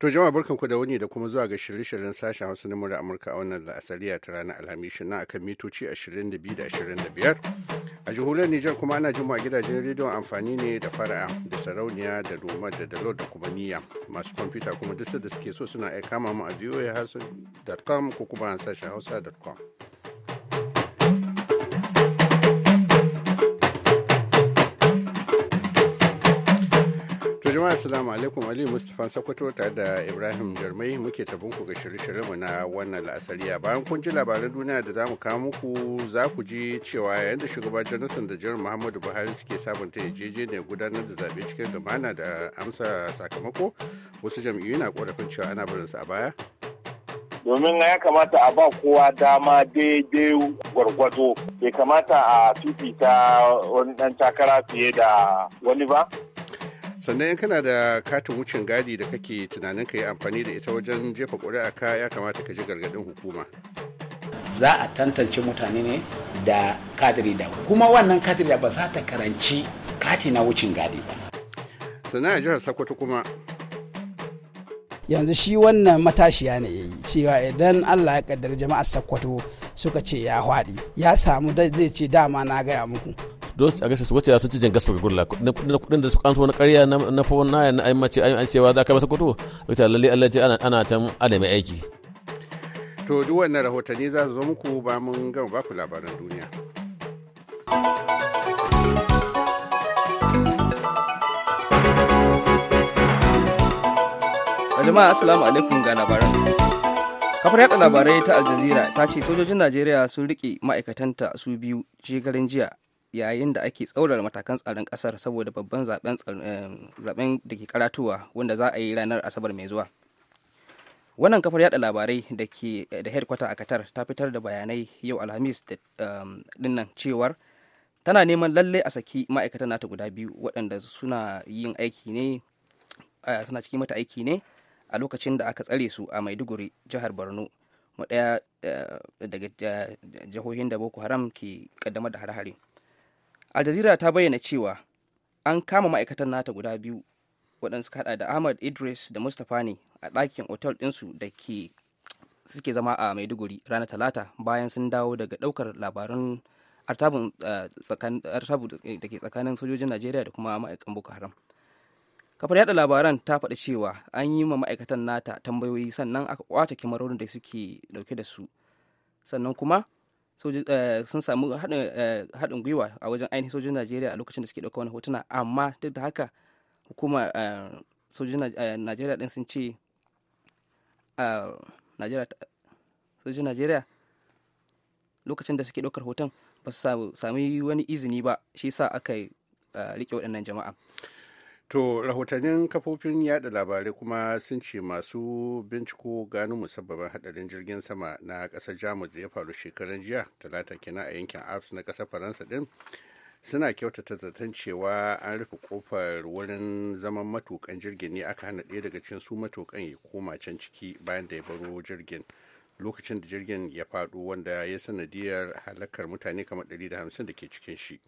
To jama'a barkanku da wani da kuma zuwa ga shirye-shiryen sashen Hausa na murar Amurka a wannan asaliya ta ranar Alhamishin na akan mitoci 22 da 25. A jihuriyar Nijar kuma ana jima a gidajen rediyon amfani ne da fara'a da sarauniya da doma da dalo da kuma niyya. Masu kwamfuta kuma duk da suke so suna aika mu a voahausa.com ko kuma a sashen hausa.com. jama'a assalamu alaikum ali mustapha sakwato tare da ibrahim jarmai muke tabin ku ga shirye mu na wannan la'asariya bayan kun ji labaran duniya da za mu kawo muku za ku ji cewa yayin da shugaba jonathan da jiran muhammadu buhari suke sabunta ne gudanar da zaɓe cikin lumana da amsa sakamako wasu jam'iyyu na korafin cewa ana su a baya domin ya kamata a ba kowa dama daidai gwargwado bai kamata a ta wani dan takara fiye da wani ba sannan in kana da katin wucin gadi da kake tunanin ka yi amfani da ita wajen jefa ƙuri'a ka ya kamata ka ji gargaɗin hukuma za a tantance mutane ne da kadiri da kuma wannan kadiri da ba za ta karanci kati na wucin gadi ba sannan a jihar sokoto kuma yanzu shi wannan matashiya ne ya yi cewa idan allah ya kaddar jama'ar sakkwato suka ce ya hwaɗi ya samu zai ce dama na gaya muku don a gaske su wace sun ci jan gasu ga gurla kudin da su kanso na karya na fawon naya na aimace an cewa za ka masa kudu wata lalle Allah ce ana can ana mai aiki. To duk wannan rahotanni za su zo muku ba mun gama baku labaran duniya. jama'a assalamu alaikum ga labaran kafar yada labarai ta aljazira ta ce sojojin najeriya sun rike ma'aikatanta su biyu shekarun jiya yayin da ake tsaurara matakan tsarin kasar saboda babban eh, zaben da ke karatuwa wanda za a yi ranar asabar mai zuwa wannan kafar yada labarai da ke eh, da headquarter a qatar ta fitar da bayanai yau alhamis um, dinnan cewar tana neman lalle a saki ma'aikatan nata guda biyu waɗanda suna yin aiki ne eh, suna cikin mata aiki ne a lokacin da aka tsare su a maiduguri jihar borno ɗaya daga jihohin da boko haram ke kaddamar da hare al ta bayyana cewa an kama ma'aikatan nata guda biyu waɗanda suka hada da ahmad idris da mustapha ne a ɗakin otal ɗinsu da ke suke zama a maiduguri ranar talata bayan sun dawo daga ɗaukar labaran artabun eh, da ke tsakanin sojojin najeriya da kuma ma'aikatan boko haram kafar yada labaran ta faɗi cewa an yi ma ma'aikatan nata tambayoyi sannan aka kwace kimarorin da suke ɗauke da su sannan kuma Eh, sun samu eh, haɗin gwiwa a wajen ainihin sojojin najeriya a lokacin da suke ɗauka wani hotuna amma duk da haka hukuma eh, sojojin najeriya ɗin sun ce sojojin najeriya lokacin da suke ɗaukar hoton ba su sami wani izini ba shi sa aka riƙe waɗannan jama'a To rahotannin kafofin yada labarai kuma sun ce masu binciko gano musabbabin hadarin jirgin sama na kasar Jamus ya faru shekaran jiya talata Kina a yankin Alps na kasar Faransa din suna kyautata zaton cewa an rufe kofar wurin zaman matukan jirgin ne aka hana ɗaya daga cikin su matukan ya koma can ciki bayan da ya baro jirgin lokacin da jirgin ya faɗo wanda ya sanadiyar halakar mutane kamar 150 da ke cikin shi.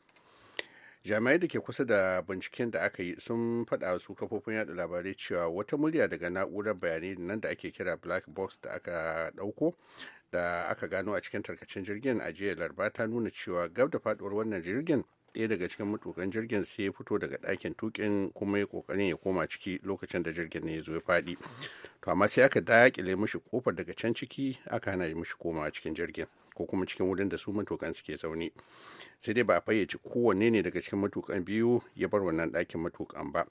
jami'ai da ke kusa da binciken da aka yi sun faɗa su kafofin yada labarai cewa wata murya daga na'urar bayanai nan da ake kira black box da aka ɗauko da aka gano a cikin tarkacen jirgin a jiya larba ta nuna cewa gab da faduwar wannan jirgin ɗaya daga cikin matukan jirgin sai ya fito daga dakin tukin kuma ya kokarin ya koma ciki lokacin da jirgin ne ya zo ya faɗi to amma sai aka daƙile mishi kofar daga can ciki aka hana mishi koma cikin jirgin ko kuma cikin wurin da su matukan suke zaune sai dai ba a fayyace kowanne ne daga cikin matukan biyu ya bar wannan ɗakin matukan ba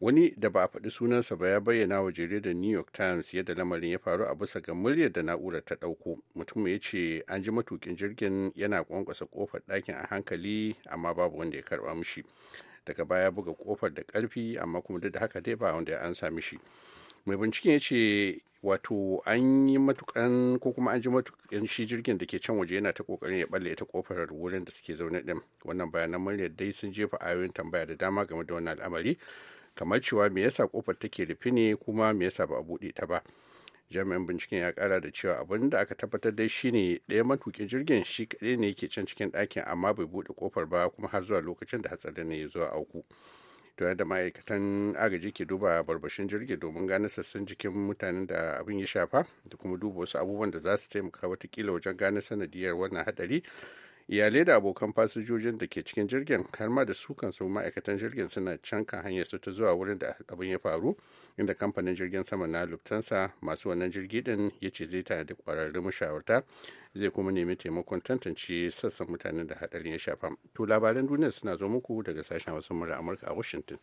wani da ba a faɗi sunansa ba ya bayyana wa jaridar new york times yadda lamarin ya faru a bisa ga muryar da na'urar ta ɗauko mutum ya ce an ji matukin jirgin yana kwankwasa kofar ɗakin a hankali amma babu wanda ya karɓa mishi daga baya buga kofar da ƙarfi amma kuma duk da haka dai ba wanda ya ansa mishi mai bincike ya ce wato an yi matukan ko kuma an ji matukan shi jirgin da ke can waje yana ta kokarin ya balle ita kofar wurin da suke zaune din wannan bayanan muryar dai sun jefa ayoyin tambaya da dama game da wannan al'amari kamar cewa me yasa kofar take rufe ne kuma me yasa ba a buɗe ta ba jami'an binciken ya kara da cewa abin da aka tabbatar dai shine ɗaya matukin jirgin shi kaɗai ne yake can cikin ɗakin amma bai buɗe kofar ba kuma har zuwa lokacin da hatsarin ne ya zo a auku to yadda ma'aikatan agaji ke duba barbashin jirgi domin gane sassan jikin mutanen da abin ya shafa da kuma duba wasu abubuwan da za su taimaka kila wajen gane sanadiyar wannan hadari iyalai da abokan fasijojin da ke cikin jirgin har ma da su kansu ma'aikatan jirgin suna canka hanya su ta zuwa wurin da abin ya faru inda kamfanin jirgin sama na lufthansa masu wannan jirgi din ya ce zai da kwararrun mashawarta zai kuma nemi taimakon tantance sassan mutanen da hadarin ya shafa to labaran duniya suna zo muku daga sashen wasu mura amurka a washington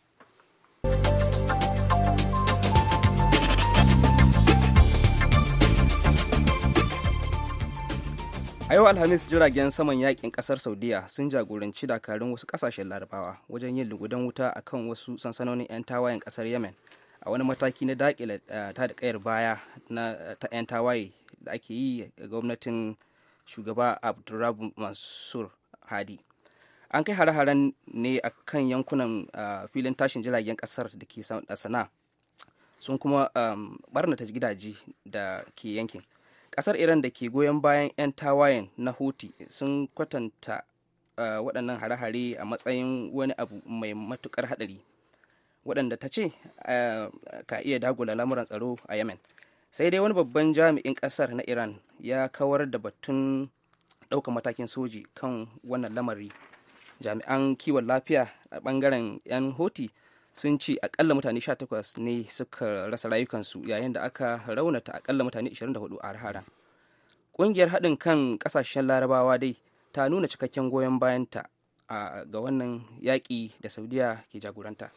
a yau alhamis jiragen saman yakin kasar saudiya sun jagoranci dakarun wasu kasashen larabawa wajen yin lugudan wuta a kan wasu sansanonin 'yan tawayen kasar yemen a wani mataki na dakile eh, ta da kayar baya na eh, ta 'yan tawaye da ake yi ga gwamnatin shugaba abdurrabu mansur hadi an kai hare-haren ne a kan yankunan eh, filin tashin jiragen kasar da ke sana'a sun kuma barnata gidaje da ke yankin kasar iran da ke goyon bayan 'yan tawayen na huti sun kwatanta eh, waɗannan hare-hare a matsayin wani abu mai matukar haɗari waɗanda ta ce eh, ka iya dagula lamuran tsaro a yemen sai dai wani babban jami'in ƙasar na iran ya kawar da batun ɗaukar matakin soji kan wannan lamari jami'an kiwon lafiya a ɓangaren 'yan hoti sun ce akalla mutane 18 ne suka rasa rayukansu yayin da aka raunata akalla mutane 24 a rahara ƙungiyar haɗin kan ƙasashen larabawa dai ta nuna cikakken goyon bayanta ga wannan yaƙi da saudiya ke jagoranta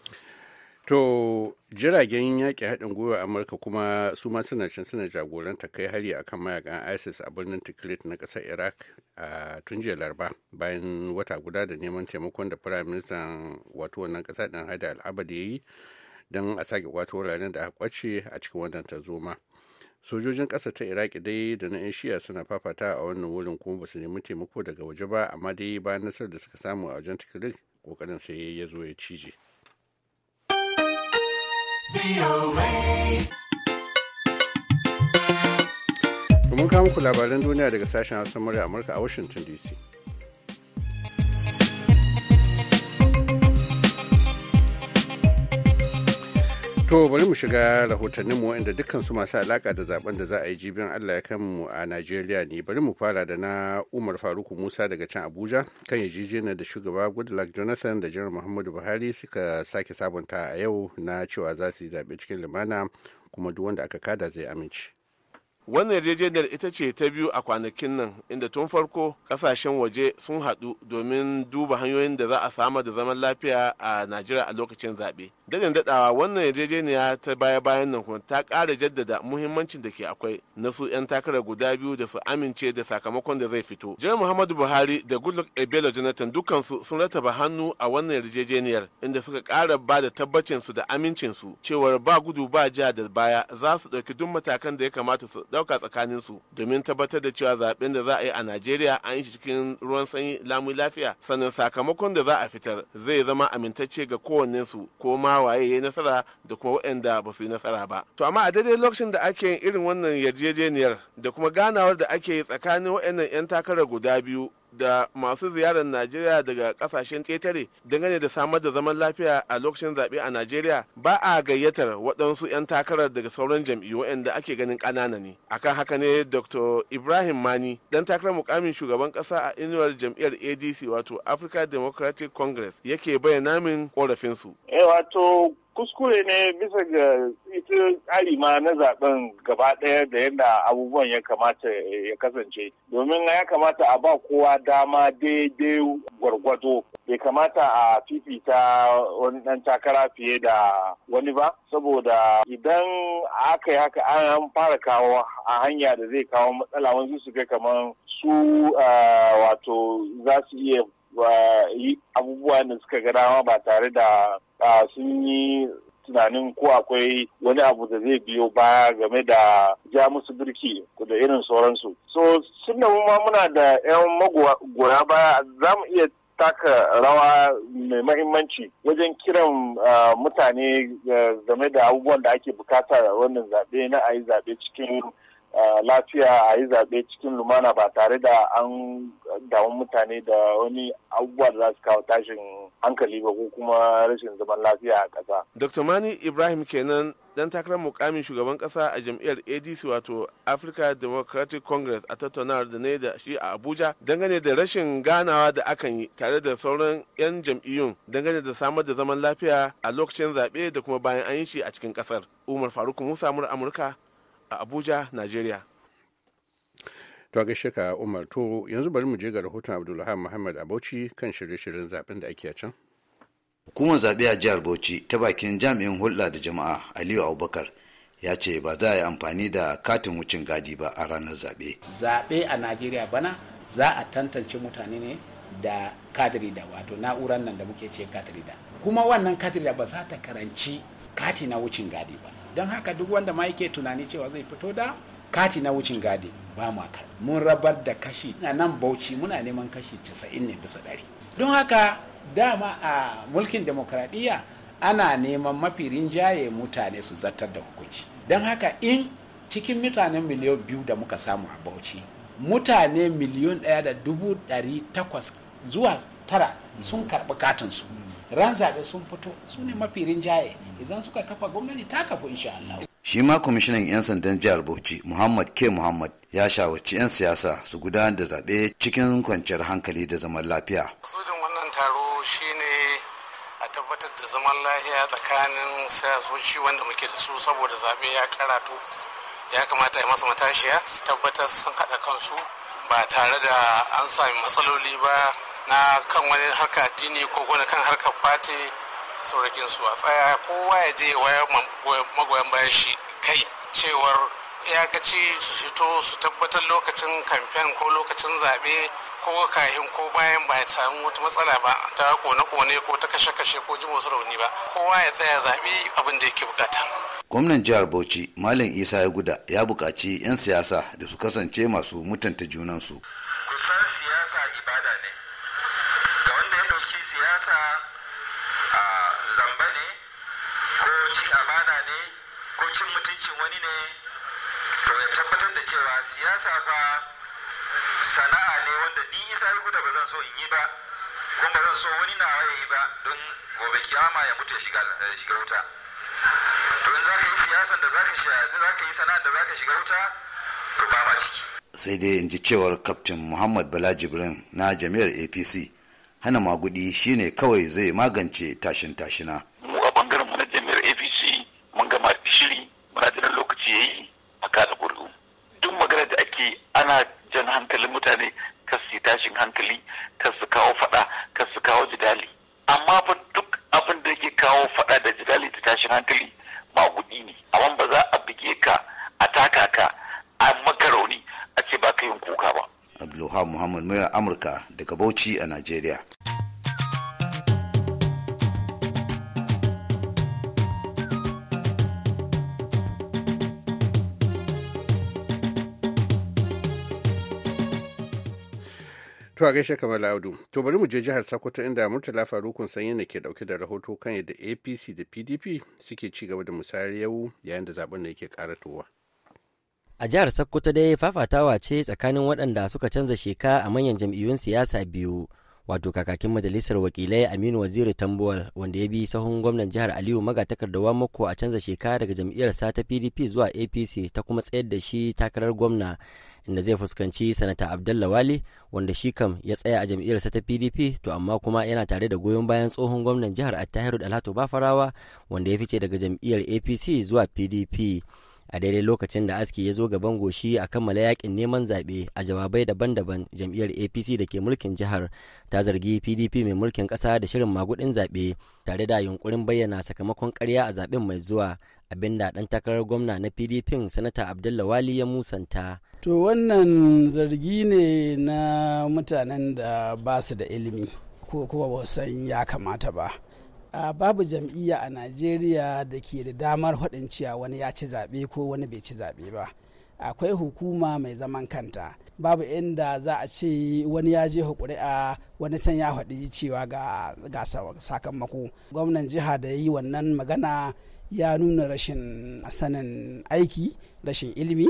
To jiragen yaƙi haɗin gwiwa Amurka kuma su ma suna can suna jagoranta kai hari akan mayakan ISIS a birnin Tikrit na ƙasar Iraq a tun jiya Laraba bayan wata guda da neman taimakon da Firayim Ministan wato wannan ƙasa ɗin Haida Al'abad ya yi don a sake wato wuraren da aka kwace a cikin wannan zoma Sojojin ƙasa ta Iraq dai da na 'yan shiya suna fafata a wannan wurin kuma ba su nemi taimako daga waje ba amma dai bayan nasarar da suka samu a wajen Tikrit ƙoƙarin sai ya zo ya cije. Mun kama ku labaran duniya daga sashen Hausa murya Amurka a Washington DC. To bari mu shiga rahotannin mu wanda dukkan su masu alaka da zaben da za a yi jibin Allah ya kan mu a Najeriya ne. Bari mu fara da na Umar Faruku Musa daga can Abuja kan yajijiyar da shugaba Goodluck Jonathan da Janar Muhammadu Buhari suka sake sabunta a yau na cewa za su yi zaɓe cikin lumana kuma duk wanda aka kada zai amince. wannan yarjejeniyar ita ce ta biyu a kwanakin nan inda tun farko kasashen waje sun haɗu domin duba hanyoyin da za a samar da zaman lafiya a najeriya a lokacin zaɓe dadin dadawa wannan yarjejeniya ta baya bayan nan kuma ta kara jaddada muhimmancin da ke akwai na su 'yan takarar guda biyu da su amince da sakamakon da zai fito jiran muhammadu buhari da goodluck ebelo jonathan dukansu sun rataba hannu a wannan yarjejeniyar inda suka kara ba da tabbacin da amincin su cewar ba gudu ba ja da baya za su ɗauki duk matakan da ya kamata su ɗauka tsakanin su domin tabbatar da cewa zaben da za a yi a najeriya an yi cikin ruwan sanyi lamu lafiya sannan sakamakon da za a fitar zai zama amintacce ga su ko ma waye ya yi nasara da kuma waɗanda ba su yi nasara ba to amma a daidai lokacin da ake yin irin wannan yarjejeniyar da kuma ganawar da ake yi tsakanin waɗannan 'yan takara guda biyu da masu ziyarar Najeriya daga kasashen ƙetare dangane da samar da zaman lafiya a lokacin zaɓe a Najeriya ba a gayyatar waɗansu 'yan takarar daga sauran jam'iyyu da ake ganin ƙanana ne. Akan haka ne Dr. Ibrahim Mani dan takarar mukamin shugaban ƙasa a inuwar jam'iyyar ADC wato Africa Democratic Congress yake bayyana min ƙorafinsu. Eh wato kuskure ne bisa ga ita arima na zaben gaba ɗaya da yadda abubuwan ya kamata ya kasance domin ya kamata a ba kowa dama daidai gwargwado bai kamata a fifita wani ɗan takara fiye da wani ba saboda idan aka yi haka an fara kawo a hanya da zai kawo matsala wani su kai kamar su eh, wato za su iya eh, yi abubuwa da suka ga dama ba tare da sun yi tunanin ko akwai wani abu da zai biyo baya game da ja musu birki da irin sauransu. So, sun da ma muna da 'yan magoya baya za mu iya taka rawa mai mahimmanci wajen kiran mutane game da abubuwan da ake bukata wannan zaɓe na a yi zaɓe cikin lafiya a yi zaɓe cikin lumana ba tare da an damu mutane da wani abubuwa da za su kawo tashin hankali ba ko kuma rashin zaman lafiya a ƙasa. Dr. Mani Ibrahim kenan dan takarar mukamin shugaban Ƙasa a jam'iyyar adc wato africa democratic congress a tattaunawar da ne da shi a abuja dangane da rashin ganawa da akan yi tare da sauran 'yan jam'iyyun dangane da samar da zaman lafiya a lokacin zaɓe da kuma bayan an yi shi a cikin ƙasar umar faruk musa mura amurka a abuja nigeria to ga ka umar to yanzu bari mu je ga rahoton abdulhamid muhammad abauchi kan shirye-shiryen zaben da ake a can hukumar zaɓe a jihar bauchi ta bakin jami'in hulɗa da jama'a aliyu abubakar ya ce ba za a yi amfani da katin wucin gadi ba a ranar zaɓe zaɓe a najeriya bana za a tantance mutane ne da kadrida, wato na'urar nan da muke ce katirida kuma wannan katirida ba za ta karanci kati na wucin gadi ba don haka duk wanda ma yake tunani cewa zai fito da kati na wucin gadi ba mu kar mun rabar da kashi a nan bauchi muna neman kashi 90 ne bisa ɗari don haka dama a mulkin demokradiyya ana neman mafi rinjaye mutane su zartar da hukunci don haka in cikin mutanen miliyan biyu da muka samu a bauchi mutane miliyan ɗaya da dubu ɗari takwas zuwa tara sun karɓi katinsu ran zaɓe sun fito su ne mafi rinjaye idan suka kafa gwamnati ta kafu insha Allah. Shi ma kwamishinan 'yan sandan jihar Bauchi Muhammad Ke Muhammad ya shawarci 'yan siyasa su gudanar da zaɓe cikin kwanciyar hankali da zaman lafiya. Sudin wannan taro shi ne a tabbatar da zaman lafiya tsakanin siyasoci wanda muke da su saboda zaɓe ya karatu ya kamata ya masa matashiya su tabbatar sun haɗa kansu ba tare da an sami matsaloli ba na kan wani harka addini ko wani kan harkar fati saurakin su a tsaya kowa ya je waya magoyan bayan shi kai cewar ya gaci su fito su tabbatar lokacin kamfen ko lokacin zaɓe ko kayan ko bayan ba ya samu wata matsala ba ta kone-kone ko ta kashe-kashe ko jin wasu rauni ba kowa ya tsaya zaɓe abin da yake bukata. gwamnan jihar bauchi malam isa ya guda ya buƙaci 'yan siyasa da su kasance masu mutunta junansu ko cin mutuncin wani ne to ya tabbatar da cewa siyasa fa sana'a ne wanda ni isa yi da ba zan so in yi ba kuma ba zan so wani na ya yi ba don gobe kiyama ya mutu ya shiga wuta to in za ka yi siyasan da za ka za ka yi sana'a da za ka shiga wuta to ba ma ciki. sai dai in ji cewar kaftin muhammad bala jibrin na jami'ar apc hana magudi shine kawai zai magance tashin tashina. kana jan hankalin mutane kar su tashin hankali kar su kawo fada kar su kawo jidali amma fa duk abin da yake kawo fada da jidali da tashin hankali kuɗi ne amma ba za a bige ka a taka ka a rauni a ce ba ka yin kuka ba abdulhamid Muhammad Mura Amurka daga Bauchi a Najeriya. a gaishe kamar la'adu To bari mu je jihar Sokoto inda Murtala Farukun Sanyi ne ke dauke da rahoto kan yadda APC da PDP suke ci gaba da musayar yau yayin da zaben da yake karatowa. A jihar Sokoto dai fafatawa ce tsakanin waɗanda suka canza sheka a manyan jam'iyyun siyasa biyu. Wato kakakin majalisar wakilai Aminu Waziri Tambuwal wanda ya bi sahun gwamnan jihar Aliyu magatakardawa mako a canza sheka daga jam'iyyarsa ta PDP zuwa APC ta kuma tsayar da shi takarar gwamna. inda zai fuskanci sanata Abdullawali wali wanda shi kam ya tsaya a jam'iyyarsa ta pdp to amma kuma yana tare da goyon bayan tsohon gwamnan jihar attahiru dalhatu bafarawa wanda ya fice daga jam'iyyar apc zuwa pdp a daidai lokacin da aski ya zo gaban goshi a kammala yakin neman zaɓe a jawabai daban-daban jam'iyyar apc da ke mulkin jihar ta zargi pdp mai mulkin ƙasa da shirin magudin zaɓe tare da yunkurin bayyana sakamakon ƙarya a zaɓen mai zuwa abinda ɗan takarar gwamna na pdp sanata abdullawali ya musanta to wannan zargi ne na mutanen da ba su da ilimi ko kuma ba san ya kamata ba a babu jam'iyya a najeriya da ke da damar haɗin cewa wani ya ci zaɓe ko wani bai ci zaɓe ba akwai hukuma mai zaman kanta babu inda za a ce wani ya je a wani can ya haɗi cewa ga sakamako gwamnan jiha da ya yi wannan magana ya nuna rashin sanin aiki rashin ilimi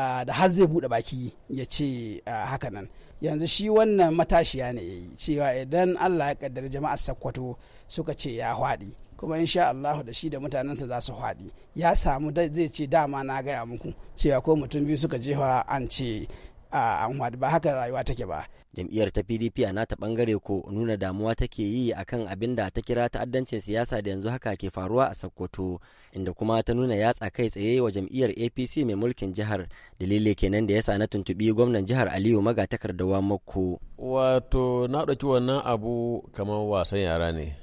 Ah, da har zai buɗe baki ya ce ah, haka nan yanzu shi wannan matashiya ne ya cewa idan allah ya kaddar jama'a sakkwato suka ce ya haɗi kuma in sha allahu da shi da mutanensa za su haɗi ya samu zai ce dama na gaya muku cewa ko mutum biyu suka jefa an ce anhuwa ba haka rayuwa take ba jam'iyyar ta pdp a nata bangare ko nuna damuwa take yi akan abin da ta kira ta'addancin siyasa da yanzu haka ke faruwa a sokoto inda kuma ta nuna yatsa kai tsaye wa jam'iyyar apc mai mulkin jihar dalilai kenan da yasa na tuntubi gwamnan jihar aliyu maga takardawa mako wato na ɗauki wannan abu kamar wasan yara ne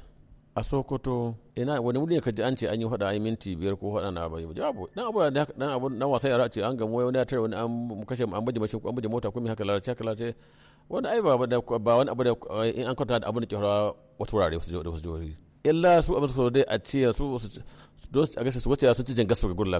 a sokoto ina wani wuri ka ji an ce an yi faɗa minti biyar ko faɗa na bai jawabu dan abu dan abu dan wasa yara ce an gamu wani ya tare wani an kashe an baje mashin an baje mota kuma me haka lalace haka lalace wani ai ba wani abu da eh, in an kwanta da abin da ke faruwa wata wurare wasu jihohi illa su a su dai a ce su a gaske su wace su ci jin gasu ga gulla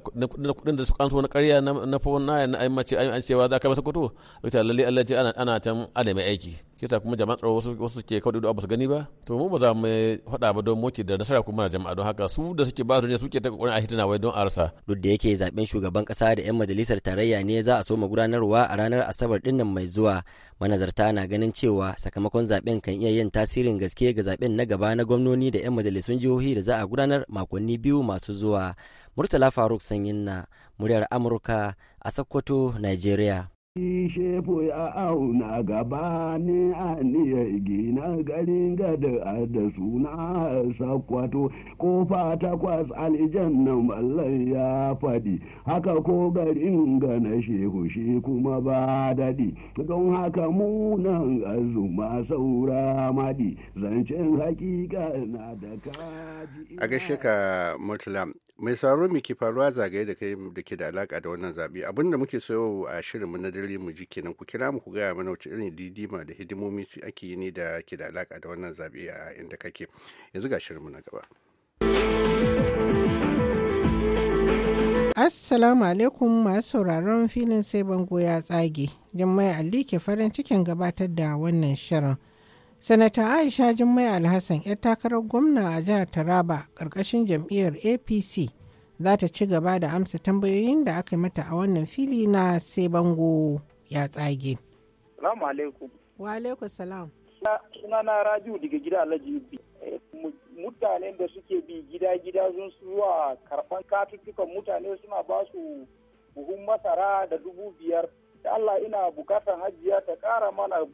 kudin da su kanso na karya na fawon naya na aimma ce an cewa za ka masa a wata lalle allaji ana can ana mai aiki kisa kuma jama'a tsaro wasu ke kawai da su gani ba to mu ba za mu faɗa ba don moke da nasara kuma na jama'a don haka su da suke ba su ne suke ta kokarin a hitina wai don a rasa duk da yake zaben shugaban kasa da yan majalisar tarayya ne za a so mu gudanarwa a ranar asabar dinnan mai zuwa manazarta na ganin cewa sakamakon zaben kan iya yin tasirin gaske ga zaben na gaba na gwamnoni da yan majalisun jihohi da za a gudanar makonni biyu masu zuwa murtala faruk sanyin na muryar amurka a sokoto nigeria Shefu ya auna gaba ne a niya gina garin gada da suna sakwato ko fata kwas aljanna mallan ya faɗi haka ko garin gana shehu shi kuma ba daɗi don haka munan azuma saura maɗi zancen hakika na da kaji. A gaishe ka Murtala mai sauro miki faruwa zagaye da kai da ke da alaka da wannan zaɓe abinda muke so a shirinmu na dare shirye mu ji kenan ku kira mu ku gaya mana wace irin didima da hidimomi su ake yi ne da ke da alaka da wannan zaɓe a inda kake yanzu ga shirin mu na gaba. Assalamu alaikum masu sauraron filin sai bango ya tsage. Jummai Ali ke farin cikin gabatar da wannan shirin. Sanata Aisha Jummai Alhassan 'yar takarar gwamna a jihar Taraba ƙarƙashin jam'iyyar APC za ta ci gaba da amsa tambayoyin da aka mata a wannan fili na sai bango ya tsage. Salamu Wa alaikum salam. Sunana Rabiu daga gida Alhaji eh, Mutanen da suke bi gida-gida sun suwa karɓar katuttukan mutane suna ba su buhun masara da dubu biyar. Da Allah ina bukatar hajiya ta kara mana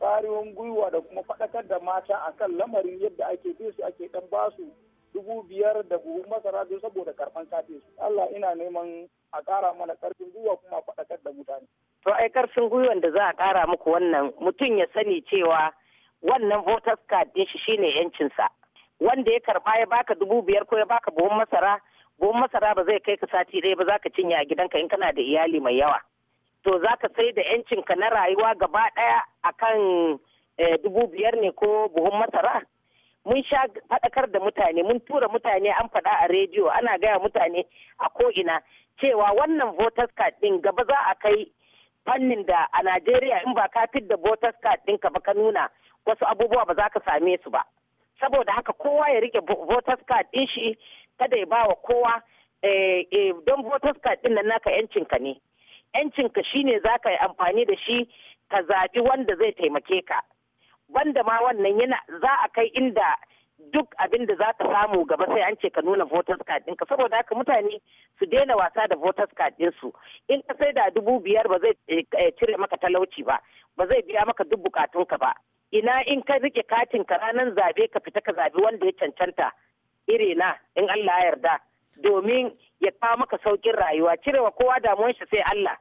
ƙariyon gwiwa da kuma faɗakar da mata akan lamarin yadda ake fesu su ake ɗan basu dubu biyar da buhun masara don saboda karfan kafin su Allah ina neman a ƙara mana ƙarfin gwiwa kuma faɗakar da mutane. To ai ƙarfin gwiwan da za a ƙara muku wannan mutum ya sani cewa wannan voters card din shi shine yancinsa wanda ya karba ya baka dubu biyar ko ya baka buhun masara buhun masara ba zai kai ka sati ɗaya ba za ka cinye a gidanka in kana da iyali mai yawa. to za ka sai da yancinka na rayuwa gaba ɗaya akan kan eh, dubu biyar ne ko buhun masara mun sha faɗakar da mutane mun tura mutane an faɗa a rediyo ana gaya mutane a ko'ina cewa wannan voters card ɗin gaba za a kai fannin da a najeriya in ba ka da voters card ka ba ka nuna wasu abubuwa ba za ka same su ba saboda haka kowa ya rike voters card ɗin shi kada ya bawa kowa eh, eh, don voters card ɗin nan naka yancinka ne yancinka shine za ka yi amfani da shi ka zaɓi wanda zai taimake ka banda ma wannan yana za a kai inda duk abin da za ka samu gaba sai an ce ka nuna voters card ɗinka saboda haka mutane su daina wasa da voters card ɗinsu in ka sai da dubu biyar ba zai eh, eh, cire maka talauci ba ba zai biya maka duk bukatunka ba ina in ka rike katin ka ranar zabe ka fita ka zabi wanda ya cancanta Iri na, in Allah ya yarda domin ya kawo maka saukin rayuwa cirewa kowa damuwan shi sai Allah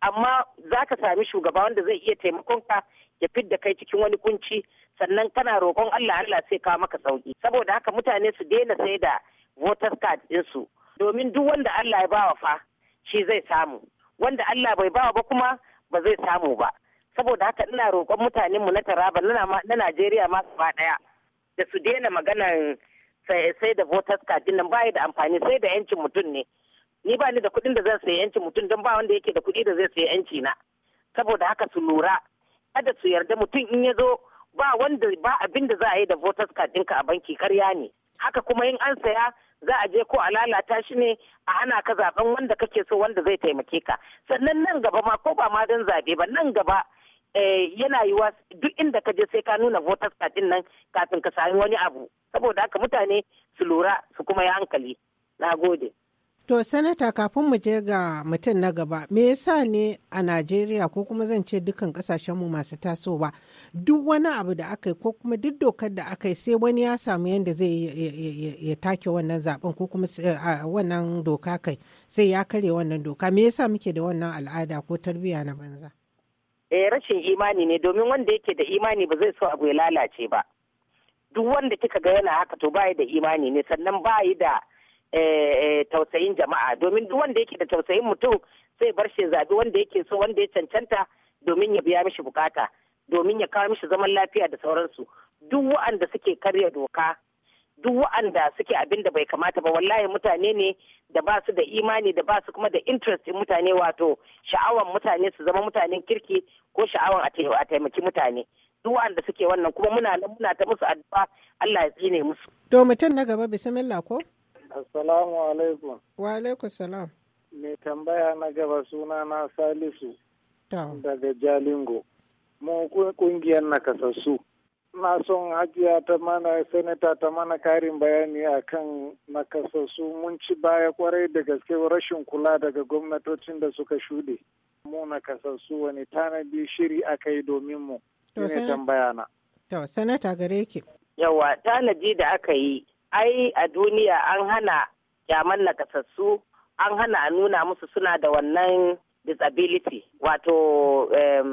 amma za ka sami shugaba wanda zai iya taimakonka? ya fidda kai cikin wani kunci sannan kana roƙon Allah Allah sai kawo maka sauki saboda haka mutane su daina sai da voters card su domin duk wanda Allah ya bawa fa shi zai samu wanda Allah bai bawa ba kuma ba zai samu ba saboda haka ina roƙon mutanenmu na Taraba na Najeriya ma gaba ɗaya da su daina maganar sai da voters card nan bayi da amfani sai da yancin mutum ne ni ba ni da kuɗin da zan sayi yancin mutum don ba wanda yake da kuɗi da zai sayi yanci na saboda haka su lura kada su yarda mutum in ya zo ba wanda ba abin da za a yi da voters card dinka a banki karya ne haka kuma in an saya za a je ko a lalata shi ne a hana ka zaben wanda kake so wanda zai taimake ka sannan nan gaba ma ko ba ma don zabe ba nan gaba eh, yana yiwa duk inda ka je sai ka nuna voters card din nan kafin ka sami wani abu saboda haka mutane su lura su kuma yi hankali na gode To, Sanata kafin mu je ga mutum na gaba, me yasa ne a Najeriya ko kuma zan ce dukkan kasashenmu masu tasowa duk wani abu da aka yi ko kuma duk dokar da aka yi sai wani ya samu yadda zai ya take wannan zaben ko kuma wannan doka kai sai ya karya wannan doka. Me yasa muke da wannan al'ada ko tarbiyya na banza? Eh rashin imani ne domin wanda yake da imani ba zai so abu ya lalace ba. Duk wanda kika ga yana haka to ba da imani ne sannan ba da Eh, eh, tausayin jama'a domin duk wanda yake da tausayin mutum sai bar shi zabi wanda yake so wanda ya cancanta domin ya biya mishi bukata domin ya kawo mishi zaman lafiya da sauransu duk wa'anda suke karya doka duk wa'anda suke abin da bai kamata ba wallahi mutane ne da ba su da imani da ba su kuma da interest in mutane wato sha'awan mutane su zama mutanen kirki ko sha'awan a taimaki mutane duk wa'anda suke wannan kuma muna nan muna ta musu addu'a Allah ya tsine musu. To mutum na gaba bismillah ko? Assalamu alaikum. Wa alaikum salam. Me tambaya na gaba suna na Salisu. Daga Jalingo. Mu kungiyar nakasassu. Na son hajiya ta mana senata ta mana karin bayani akan nakasassu mun ci baya kwarai da gaske rashin kula daga gwamnatocin da suka shuɗe. Mu nakasassu wani tanadi shiri aka yi domin mu. To, senata gare ki. Yawa, tanadi da aka yi ai a duniya an hana kyaman nakasassu an hana a nuna musu suna da wannan disability wato eh,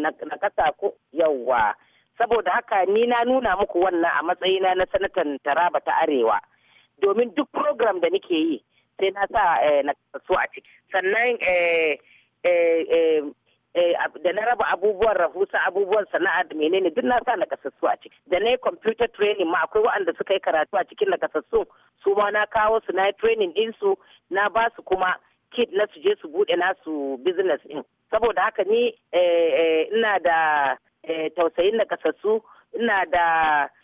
nakasa ko yawwa saboda haka ni na nuna muku wannan a matsayina na sanatan taraba ta arewa domin duk program da nake yi sai na sa eh, nakasassu a ciki sannan eh, Eh, da na raba abubuwan rahusa abubuwan sana'a da menene duk na sa na kasassu a ciki da na yi computer training ma akwai waɗanda suka yi karatu a cikin na su ma na kawo su na yi training din su na ba su kuma kit na su je su buɗe nasu business din saboda haka ni eh, eh, ina da tausayin na kasassu ina da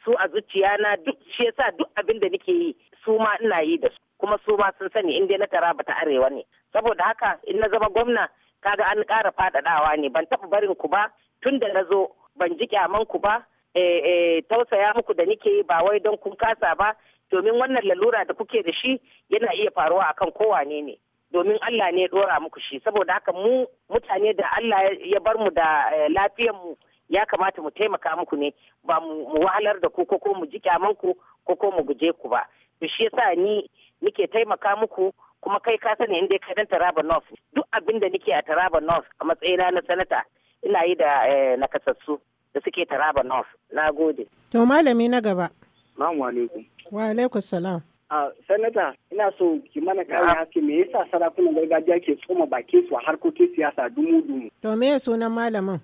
su a zuciya duk shi yasa duk abin da nake yi su ma ina yi da su kuma su ma sun sani in dai na taraba ta arewa ne saboda haka in na zama gwamna kaga an ƙara faɗaɗawa ne ban taɓa barin ku ba tun da na zo ban ji kyaman ku ba eh, eh, tausaya muku da nike ba wai don kun kasa ba domin wannan lalura da kuke da shi yana iya faruwa akan kowane ne domin Allah ne ya dora muku shi saboda haka mu mutane da Allah ya bar mu da eh, lafiyar mu ya kamata mu taimaka muku ne ba mu wahalar da ku ko ko mu ji kyaman ku ko ko mu guje ku ba to shi yasa ni nike taimaka muku kuma kai ka sani inda kai dan Taraba North duk abin da nake a Taraba North a matsayina na sanata ina yi da eh, nakasassu da suke Taraba North na gode to malami na gaba Assalamu alaikum wa alaikum salam a sanata ina so ki mana kai haske me yasa sarakunan gargajiya ke tsoma bakin su a harkokin siyasa dumu dumu to me yaso sunan malamin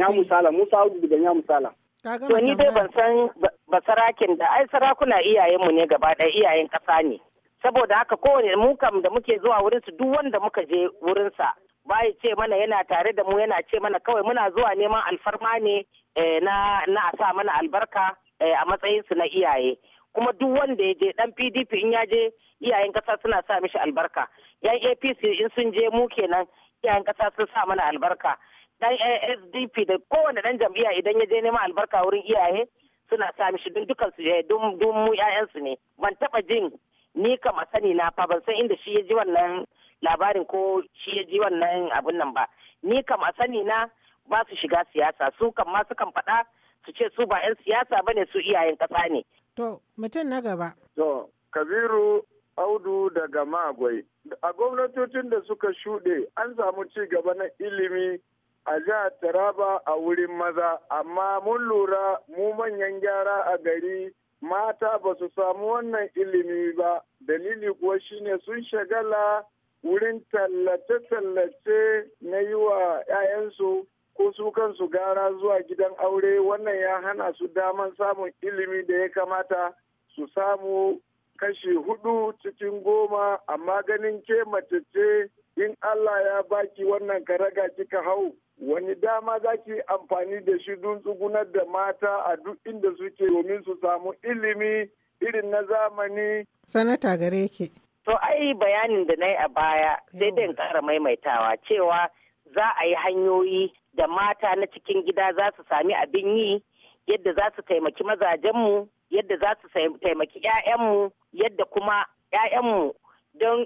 ya musala musa audu da ya musala to ni dai ban san basarakin da ai sarakuna iyayenmu ne gaba ɗaya iyayen ƙasa ne saboda haka kowane mu kam da muke zuwa wurin su duk wanda muka je wurin sa bai ce mana yana tare da mu yana ce mana kawai muna zuwa neman alfarma ne eh, na na a sa mana albarka eh, a matsayin su na iyaye kuma duk wanda ya je dan PDP in ya je iyayen kasa suna sa mishi albarka yan APC in sun je mu kenan iyayen kasa sun sa mana albarka dan SDP da kowane dan jam'iyya idan ya je neman albarka wurin iyaye suna sa mishi dukkan su eh, dun mu ya'yansu ne ban taba jin ni kama sani na fa ban san inda shi ya ji wannan labarin ko shi ya ji wannan abun nan ba ni kama sani na ba su shiga siyasa su kan ma sukan faɗa su ce su ba 'yan siyasa bane su iyayen ƙasa ne. To mutum na gaba. To Kabiru Audu daga Magwai. A gwamnatocin da suka shuɗe an samu ci gaba na ilimi a jihar Taraba a wurin maza amma mun lura mu manyan gyara a gari mata ba su samu wannan ilimi ba dalili kuwa shine sun shagala wurin tallace-tallace na yi wa 'ya'yansu ko su kansu gara zuwa gidan aure wannan ya hana su daman samun ilimi da ya kamata su samu kashi hudu cikin goma amma ganin ke mace ce in Allah ya baki wannan karaga kika hau wani dama za ki amfani da shi don tsugunar da mata a duk inda suke domin su samu ilimi irin na zamani. Sanata gare ki. To ai bayanin da na yi a baya sai dai kara maimaitawa cewa za a yi hanyoyi da mata na cikin gida za su sami abin yi yadda za su taimaki mazajenmu yadda za su taimaki 'ya'yanmu yadda kuma 'ya'yanmu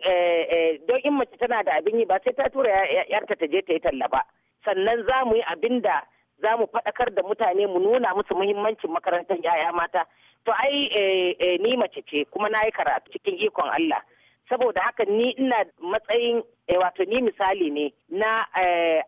eh, eh, don in mace tana da abin yi ba sai ta tura yarta ta je ta yi talla ba. sannan za mu yi abin da za mu faɗakar da mutane mu nuna musu muhimmancin makarantar yaya mata to ai eh, eh, ni mace ce kuma na yi karatu cikin ikon Allah saboda haka ni ina matsayin eh, wato ni misali ne na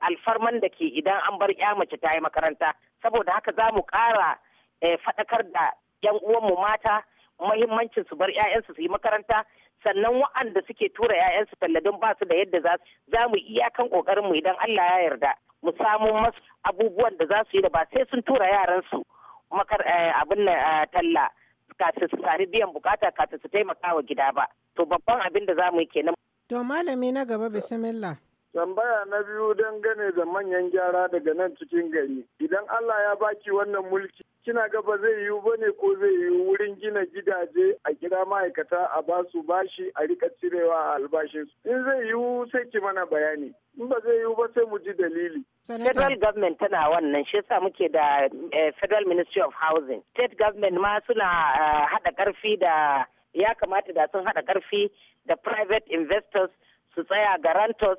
alfarman da ke idan an bar ya mace ta yi makaranta saboda haka za mu ƙara faɗakar da 'yan uwanmu mata muhimmancin su bar 'ya'yansu su yi makaranta sannan wa'anda suke tura 'ya'yansu talla don ba su da yadda za su za mu iyakan kokarin mu idan Allah ya yarda mu samu masu abubuwan da za su yi da ba sai sun tura yaransu makar eh, abin eh, talla kafin su sami biyan bukata kafin su taimaka wa gida ba to babban abin da za mu yi kenan to malami na gaba bismillah Tambaya na biyu dangane da manyan gyara daga nan cikin gari. Idan Allah ya baki wannan mulki, kina ga ba zai yiwu bane ko zai yiwu wurin gina gidaje a kira ma'aikata a basu bashi a rika cirewa a albashinsu. In zai yiwu sai ki mana bayani. in ba zai yiwu ba sai mu ji dalili. Federal government tana wannan shi yasa muke da eh, Federal Ministry of Housing. State government ma suna eh, hada karfi da ya kamata da sun hada karfi da private investors su tsaya garantos.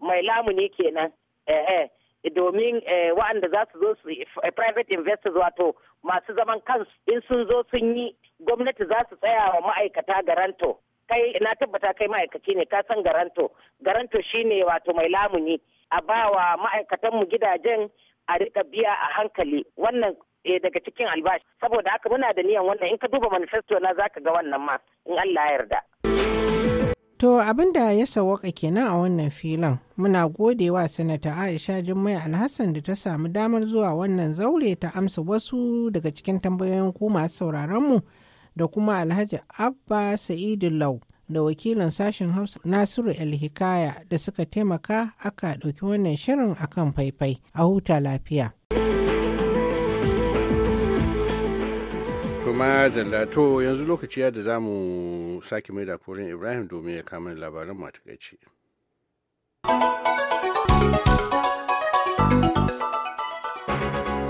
mai lamuni kenan eh, eh, domin eh, waɗanda za su zo su private investors wato masu zaman kansu in sun zo sun yi gwamnati za su tsaya wa ma'aikata garanto kai na tabbata kai ma'aikaci ne ka san garanto garanto shine wato mai lamuni a ba bawa ma'aikatanmu gidajen a rika biya a hankali wannan daga cikin albashi saboda haka muna da niyan wannan in ka duba manifesto na zaka ga wannan ma in Allah ya yarda To abin da ya sawaka kenan a wannan filin muna gode wa sanata Aisha Jummai Alhassan da ta samu damar zuwa wannan zaure ta amsa wasu daga cikin tambayoyin ku masu mu da kuma Alhaji Abba Sa'idu Lau da wakilin sashen Hausa Nasiru El-Hikaya da suka taimaka aka ɗauki wannan shirin akan faifai a huta lafiya. da lato yanzu lokaci ya da za mu sake mai da korin ibrahim domin ya kama labaran matakaici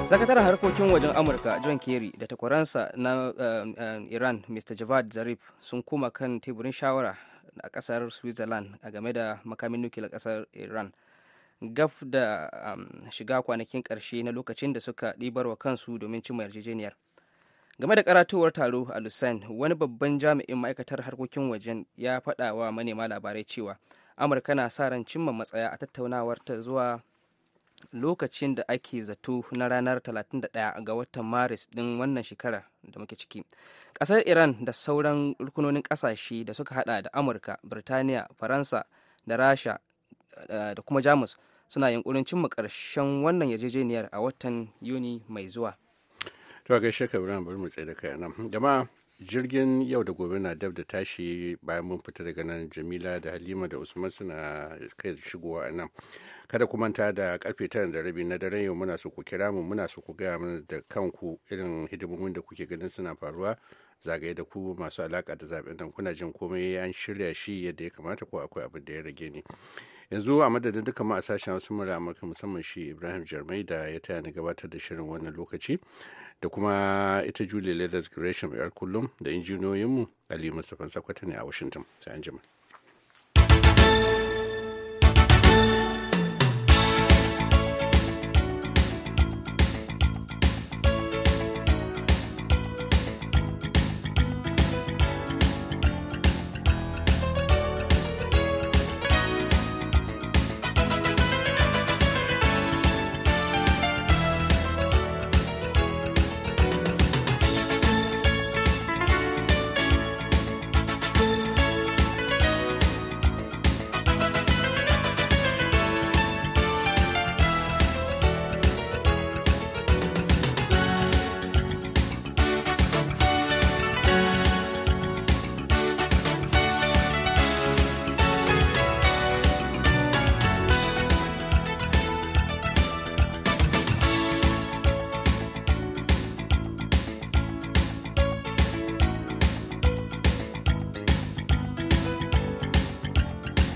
sakataren harkokin wajen amurka john kerry da takwaransa na eh, iran mr javad zarif sun koma kan teburin shawara a kasar switzerland a game da makamin nukiliyar kasar iran gaf da um, shiga kwanakin karshe na lokacin da suka wa kansu domin cimma yarjejeniyar game da karatowar taro a lusan wani babban jami'in ma'aikatar harkokin wajen ya faɗa wa manema labarai cewa amurka na sa ran cimma matsaya a tattaunawar ta zuwa lokacin da ake zato na ranar 31 ga watan maris din wannan shekara da muke ciki ƙasar iran da sauran rukunonin ƙasashe da suka hada da amurka birtaniya faransa da rasha eh, da kuma jamus suna yunkurin cimma karshen wannan yarjejeniyar a watan yuni mai zuwa to gaishe shekaru ran bari mu tsaye da kai nan jama'a jirgin yau da gobe na dab da tashi bayan mun fita daga nan jamila da halima da usman suna kai shigowa a nan kada ku manta da karfe tara da rabi na daren yau muna so ku kira mu muna so ku gaya mana da kanku irin hidimomin da kuke ganin suna faruwa zagaye da ku masu alaka da zaɓen nan kuna jin komai an shirya shi yadda ya kamata ko akwai abin da ya rage ni. yanzu a madadin duka ma a sashen wasu mura amurka musamman shi ibrahim jarmai da ya taya ni gabatar da shirin wannan lokaci da kuma ita julie leathers gresham yar kullum da injiniyoyinmu ali mustapha sakwata ne a washington sai an